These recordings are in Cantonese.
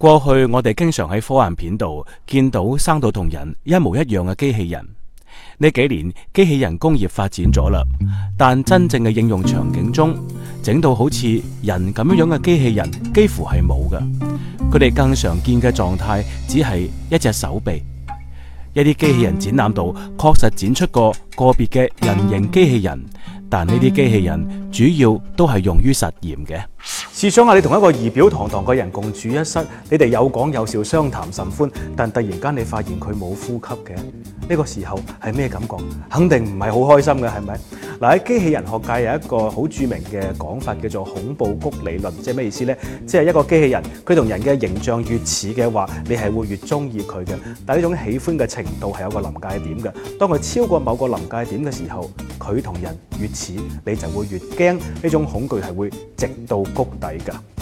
過去我哋經常喺科幻片度見到生到同人一模一樣嘅機器人。呢幾年機器人工業發展咗啦，但真正嘅應用場景中，整到好似人咁樣嘅機器人幾乎係冇嘅。佢哋更常見嘅狀態只係一隻手臂。一啲機器人展覽度確實展出過個別嘅人形機器人，但呢啲機器人主要都係用於實驗嘅。試想下，你同一個儀表堂堂嘅人共處一室，你哋有講有笑，相談甚歡，但突然間你發現佢冇呼吸嘅，呢個時候係咩感覺？肯定唔係好開心嘅，係咪？嗱，喺機器人學界有一個好著名嘅講法叫做恐怖谷理論，即係咩意思呢？即係一個機器人，佢同人嘅形象越似嘅話，你係會越鍾意佢嘅。但係呢種喜歡嘅程度係有個臨界點嘅。當佢超過某個臨界點嘅時候，佢同人越似，你就會越驚。呢種恐懼係會直到谷底㗎。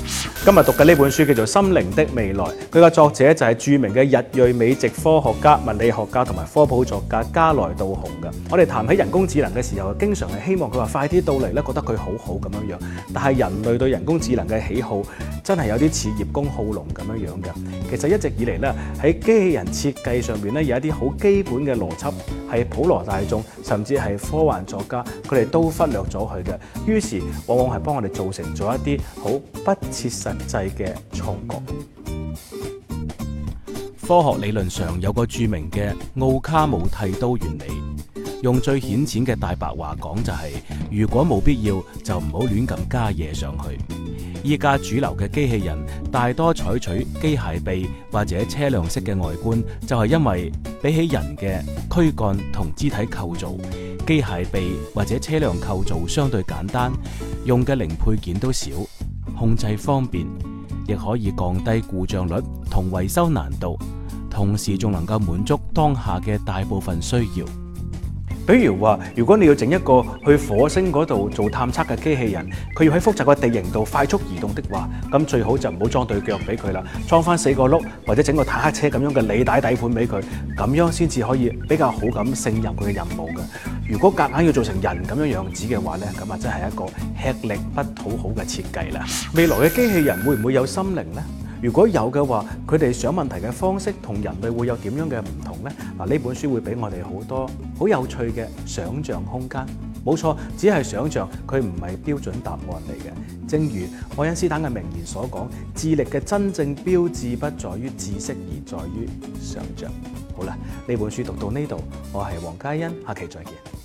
今日讀嘅呢本書叫做《心靈的未來》，佢個作者就係著名嘅日裔美籍科學家、物理學家同埋科普作家加來道雄嘅。我哋談起人工智能嘅時候，經常係希望佢話快啲到嚟咧，覺得佢好好咁樣樣。但係人類對人工智能嘅喜好真係有啲似葉公好龍咁樣樣嘅。其實一直以嚟咧，喺機器人設計上面咧，有一啲好基本嘅邏輯係普羅大眾甚至係科幻作家佢哋都忽略咗佢嘅。於是往往係幫我哋造成咗一啲好不切實制嘅創舉。科學理論上有個著名嘅奧卡姆剃刀原理，用最顯淺嘅大白話講就係、是：如果冇必要，就唔好亂咁加嘢上去。依家主流嘅機器人大多採取機械臂或者車輛式嘅外觀，就係、是、因為比起人嘅軀幹同肢體構造，機械臂或者車輛構造相對簡單，用嘅零配件都少。控制方便，亦可以降低故障率同維修難度，同時仲能夠滿足當下嘅大部分需要。比如話，如果你要整一個去火星嗰度做探測嘅機器人，佢要喺複雜嘅地形度快速移動的話，咁最好就唔好裝對腳俾佢啦，裝翻四個轆或者整個坦克車咁樣嘅履帶底盤俾佢，咁樣先至可以比較好咁勝任佢嘅任務嘅。如果夾硬要做成人咁樣樣子嘅話呢，咁啊真係一個吃力不討好嘅設計啦。未來嘅機器人會唔會有心靈呢？如果有嘅話，佢哋想問題嘅方式同人類會有點樣嘅唔同呢？嗱，呢本書會俾我哋好多好有趣嘅想像空間。冇錯，只係想像，佢唔係標準答案嚟嘅。正如愛因斯坦嘅名言所講：智力嘅真正標誌不在於知識，而在於想像。好啦，呢本書讀到呢度，我係黃嘉欣，下期再見。